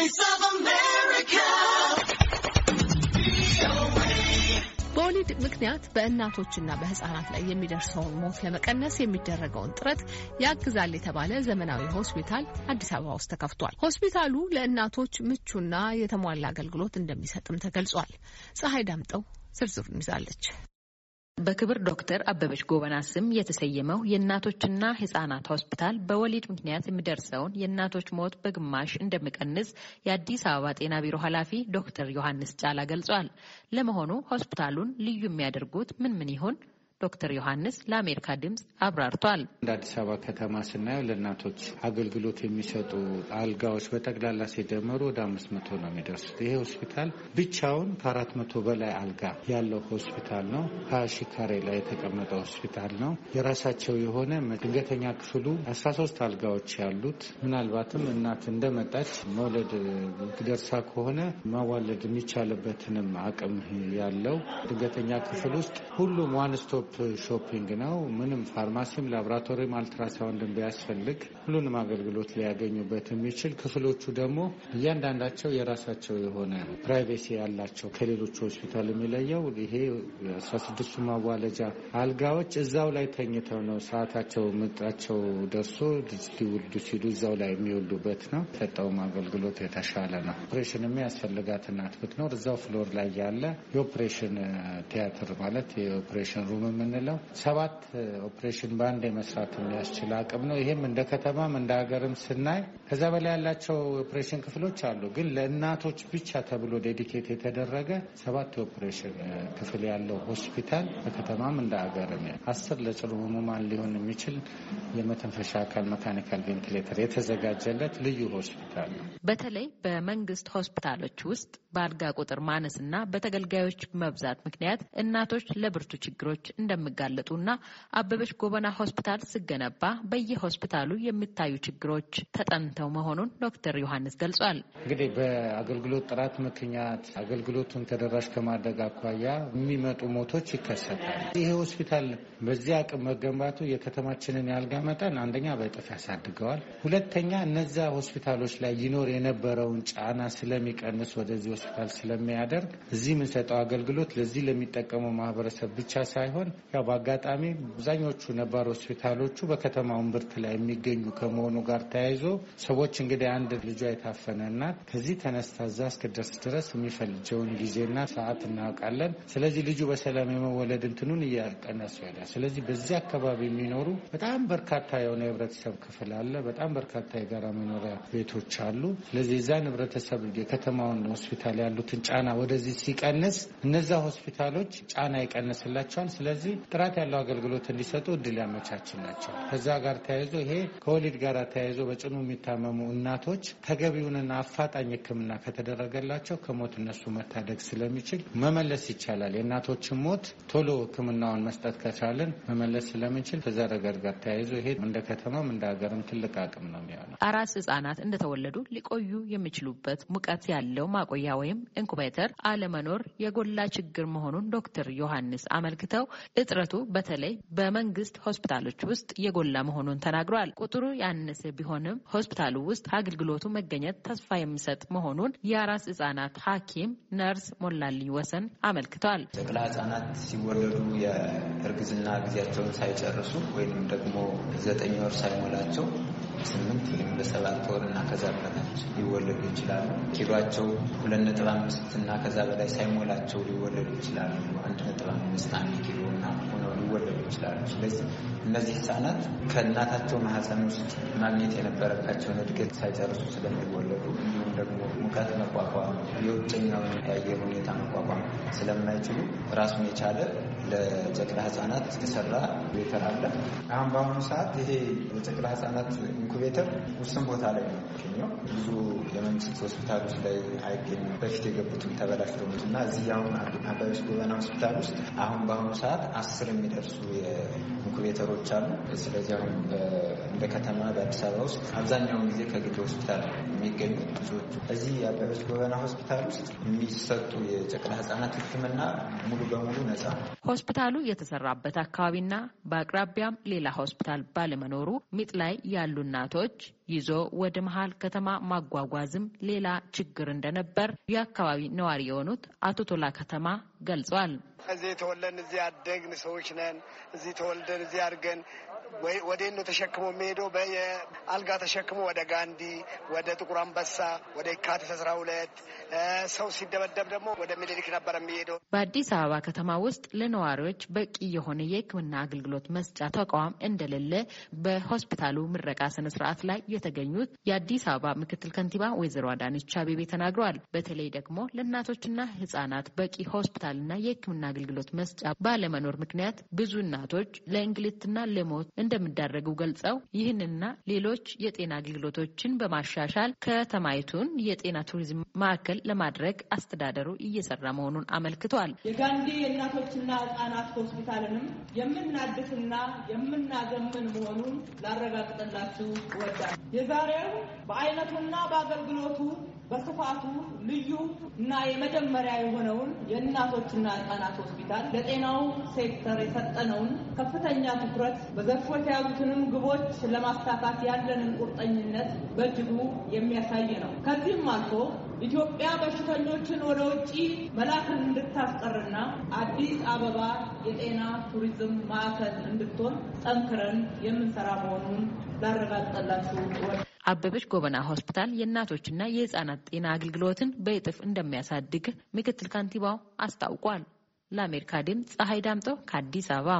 Voice of America. በወሊድ ምክንያት በእናቶችና በህጻናት ላይ የሚደርሰውን ሞት ለመቀነስ የሚደረገውን ጥረት ያግዛል የተባለ ዘመናዊ ሆስፒታል አዲስ አበባ ውስጥ ተከፍቷል። ሆስፒታሉ ለእናቶች ምቹና የተሟላ አገልግሎት እንደሚሰጥም ተገልጿል። ፀሐይ ዳምጠው ዝርዝሩን ይዛለች። በክብር ዶክተር አበበች ጎበና ስም የተሰየመው የእናቶችና ህጻናት ሆስፒታል በወሊድ ምክንያት የሚደርሰውን የእናቶች ሞት በግማሽ እንደሚቀንስ የአዲስ አበባ ጤና ቢሮ ኃላፊ ዶክተር ዮሐንስ ጫላ ገልጿል። ለመሆኑ ሆስፒታሉን ልዩ የሚያደርጉት ምን ምን ይሆን? ዶክተር ዮሐንስ ለአሜሪካ ድምፅ አብራርቷል። እንደ አዲስ አበባ ከተማ ስናየው ለእናቶች አገልግሎት የሚሰጡ አልጋዎች በጠቅላላ ሲደመሩ ወደ አምስት መቶ ነው የሚደርሱት። ይሄ ሆስፒታል ብቻውን ከአራት መቶ በላይ አልጋ ያለው ሆስፒታል ነው። ሀያ ሺ ካሬ ላይ የተቀመጠ ሆስፒታል ነው። የራሳቸው የሆነ ድንገተኛ ክፍሉ አስራ ሶስት አልጋዎች ያሉት ምናልባትም እናት እንደመጣች መውለድ ደርሳ ከሆነ ማዋለድ የሚቻልበትንም አቅም ያለው ድንገተኛ ክፍል ውስጥ ሁሉም ዋን ላፕቶፕ ሾፒንግ ነው። ምንም ፋርማሲም ላቦራቶሪም አልትራሳውንድን ቢያስፈልግ ሁሉንም አገልግሎት ሊያገኙበት የሚችል ክፍሎቹ ደግሞ እያንዳንዳቸው የራሳቸው የሆነ ፕራይቬሲ ያላቸው ከሌሎቹ ሆስፒታል የሚለየው ይሄ 16ቱ ማዋለጃ አልጋዎች እዛው ላይ ተኝተው ነው ሰዓታቸው ምጣቸው ደርሶ ሊውልዱ ሲሉ እዛው ላይ የሚወልዱበት ነው። የሰጠውም አገልግሎት የተሻለ ነው። ኦፕሬሽን የሚያስፈልጋት እናት ብትኖር እዛው ፍሎር ላይ ያለ የኦፕሬሽን ቲያትር ማለት የኦፕሬሽን ሩም የምንለው ሰባት ኦፕሬሽን በአንድ የመስራት የሚያስችል አቅም ነው። ይህም እንደ ከተማም እንደ ሀገርም ስናይ ከዛ በላይ ያላቸው ኦፕሬሽን ክፍሎች አሉ። ግን ለእናቶች ብቻ ተብሎ ዴዲኬት የተደረገ ሰባት የኦፕሬሽን ክፍል ያለው ሆስፒታል በከተማም እንደ ሀገርም አስር ለጽኑ ህሙማን ሊሆን የሚችል የመተንፈሻ አካል መካኒካል ቬንቲሌተር የተዘጋጀለት ልዩ ሆስፒታል ነው። በተለይ በመንግስት ሆስፒታሎች ውስጥ በአልጋ ቁጥር ማነስና በተገልጋዮች መብዛት ምክንያት እናቶች ለብርቱ ችግሮች እንደሚጋለጡና አበበች ጎበና ሆስፒታል ሲገነባ በየሆስፒታሉ የሚታዩ ችግሮች ተጠንተው መሆኑን ዶክተር ዮሐንስ ገልጿል። እንግዲህ በአገልግሎት ጥራት ምክንያት አገልግሎቱን ተደራሽ ከማድረግ አኳያ የሚመጡ ሞቶች ይከሰታል። ይሄ ሆስፒታል በዚህ አቅም መገንባቱ የከተማችንን የአልጋ መጠን አንደኛ በእጥፍ ያሳድገዋል፣ ሁለተኛ እነዚ ሆስፒታሎች ላይ ይኖር የነበረውን ጫና ስለሚቀንስ ወደዚህ ሆስፒታል ስለሚያደርግ እዚህ የምንሰጠው አገልግሎት ለዚህ ለሚጠቀመው ማህበረሰብ ብቻ ሳይሆን ያው በአጋጣሚ አብዛኞቹ ነባር ሆስፒታሎቹ በከተማውን ብርት ላይ የሚገኙ ከመሆኑ ጋር ተያይዞ ሰዎች እንግዲህ አንድ ልጇ የታፈነ እናት ከዚህ ተነስታ እዛ እስክደርስ ድረስ የሚፈልጀውን ጊዜና ሰዓት እናውቃለን። ስለዚህ ልጁ በሰላም የመወለድ እንትኑን እያቀነሱ ይሄዳል። ስለዚህ በዚህ አካባቢ የሚኖሩ በጣም በርካታ የሆነ የህብረተሰብ ክፍል አለ። በጣም በርካታ የጋራ መኖሪያ ቤቶች አሉ። ስለዚህ የዛን ህብረተሰብ የከተማውን ሆስፒታል ያሉትን ጫና ወደዚህ ሲቀንስ እነዛ ሆስፒታሎች ጫና ይቀንስላቸዋል። ስለዚህ ስለዚህ ጥራት ያለው አገልግሎት እንዲሰጡ እድል ናቸው። ከዛ ጋር ተያይዞ ይሄ ከወሊድ ጋር ተያይዞ በጽኑ የሚታመሙ እናቶች ተገቢውንና አፋጣኝ ሕክምና ከተደረገላቸው ከሞት እነሱ መታደግ ስለሚችል መመለስ ይቻላል። የእናቶችን ሞት ቶሎ ሕክምናውን መስጠት ከቻለን መመለስ ስለምንችል ከዛ ነገር ጋር ተያይዞ ይሄ እንደ ከተማም እንደ ሀገርም ትልቅ አቅም ነው የሚሆነው። አራስ ህጻናት እንደተወለዱ ሊቆዩ የሚችሉበት ሙቀት ያለው ማቆያ ወይም ኢንኩቤተር አለመኖር የጎላ ችግር መሆኑን ዶክተር ዮሐንስ አመልክተው እጥረቱ በተለይ በመንግስት ሆስፒታሎች ውስጥ የጎላ መሆኑን ተናግረዋል። ቁጥሩ ያነሰ ቢሆንም ሆስፒታሉ ውስጥ አገልግሎቱ መገኘት ተስፋ የሚሰጥ መሆኑን የአራስ ህጻናት ሐኪም ነርስ ሞላልኝ ወሰን አመልክተዋል። ጨቅላ ህጻናት ሲወለዱ የእርግዝና ጊዜያቸውን ሳይጨርሱ ወይም ደግሞ ዘጠኝ ወር ሳይሞላቸው ስምንት ወይም በሰባት ወር እና ከዛ በታች ሊወለዱ ይችላሉ። ኪሏቸው ሁለት ነጥብ አምስት እና ከዛ በላይ ሳይሞላቸው ሊወለዱ ይችላሉ። አንድ ነጥብ አምስት አንድ ኪሎ እና ሆነው ሊወለዱ ይችላሉ። ስለዚህ እነዚህ ህጻናት ከእናታቸው ማህፀን ውስጥ ማግኘት የነበረባቸውን እድገት ሳይጨርሱ ስለሚወለዱ እንዲሁም ደግሞ ሙቀት መቋቋም የውጭኛውን የአየር ሁኔታ መቋቋም ስለማይችሉ ራሱን የቻለ ለጨቅላ ህጻናት የተሰራ ኢንኩቤተር አለ። አሁን በአሁኑ ሰዓት ይሄ የጨቅላ ህጻናት ኢንኩቤተር ውስን ቦታ ላይ ነው የሚገኘው። ብዙ የመንግስት ሆስፒታሎች ላይ አይገኝም። በፊት የገቡትም ተበላሽተውት እና እዚህ አሁን አባዮስ ጎበና ሆስፒታል ውስጥ አሁን በአሁኑ ሰዓት አስር የሚደርሱ ኢንኩቤተሮች አሉ። ስለዚህ አሁን እንደ ከተማ በአዲስ አበባ ውስጥ አብዛኛውን ጊዜ ከግል ሆስፒታል የሚገኙ ብዙዎቹ እዚህ የአባዮስ ጎበና ሆስፒታል ውስጥ የሚሰጡ የጨቅላ ህጻናት ህክምና ሙሉ በሙሉ ነጻ ሆስፒታሉ የተሰራበት አካባቢና በአቅራቢያም ሌላ ሆስፒታል ባለመኖሩ ምጥ ላይ ያሉ እናቶች ይዞ ወደ መሀል ከተማ ማጓጓዝም ሌላ ችግር እንደነበር የአካባቢ ነዋሪ የሆኑት አቶ ቶላ ከተማ ገልጿል። እዚህ የተወለን እዚህ አደግን ሰዎች ነን። እዚህ ተወልደን እዚህ አድገን ወዴት ነው ተሸክሞ የሚሄደው? በአልጋ ተሸክሞ ወደ ጋንዲ፣ ወደ ጥቁር አንበሳ፣ ወደ የካቲት አስራ ሁለት ሰው ሲደበደብ ደግሞ ወደ ምኒልክ ነበር የሚሄደው። በአዲስ አበባ ከተማ ውስጥ ለነዋሪዎች በቂ የሆነ የሕክምና አገልግሎት መስጫ ተቋም እንደሌለ በሆስፒታሉ ምረቃ ስነስርዓት ላይ የተገኙት የአዲስ አበባ ምክትል ከንቲባ ወይዘሮ አዳነች አቤቤ ተናግረዋል። በተለይ ደግሞ ለእናቶችና ህጻናት በቂ ሆስፒታልና የሕክምና አገልግሎት መስጫ ባለመኖር ምክንያት ብዙ እናቶች ለእንግልትና ለሞት እንደሚዳረጉ ገልጸው ይህንና ሌሎች የጤና አገልግሎቶችን በማሻሻል ከተማይቱን የጤና ቱሪዝም ማዕከል ለማድረግ አስተዳደሩ እየሰራ መሆኑን አመልክቷል። የጋንዲ የእናቶችና ህጻናት ሆስፒታልንም የምናድስና የምናዘምን መሆኑን ላረጋግጥላችሁ ወዳል። የዛሬው በአይነቱና በአገልግሎቱ በስፋቱ ልዩ እና የመጀመሪያ የሆነውን የእናቶችና ህጻናት ሆስፒታል ለጤናው ሴክተር የሰጠነውን ከፍተኛ ትኩረት በዘርፉ የተያዙትንም ግቦች ለማሳካት ያለንን ቁርጠኝነት በእጅጉ የሚያሳይ ነው። ከዚህም አልፎ ኢትዮጵያ በሽተኞችን ወደ ውጭ መላክን እንድታስቀርና አዲስ አበባ የጤና ቱሪዝም ማዕከል እንድትሆን ጠንክረን የምንሰራ መሆኑን ላረጋግጠላችሁ አበበች ጎበና ሆስፒታል የእናቶችና የህጻናት ጤና አገልግሎትን በእጥፍ እንደሚያሳድግ ምክትል ከንቲባው አስታውቋል። ለአሜሪካ ድምፅ ፀሐይ ዳምጠው ከአዲስ አበባ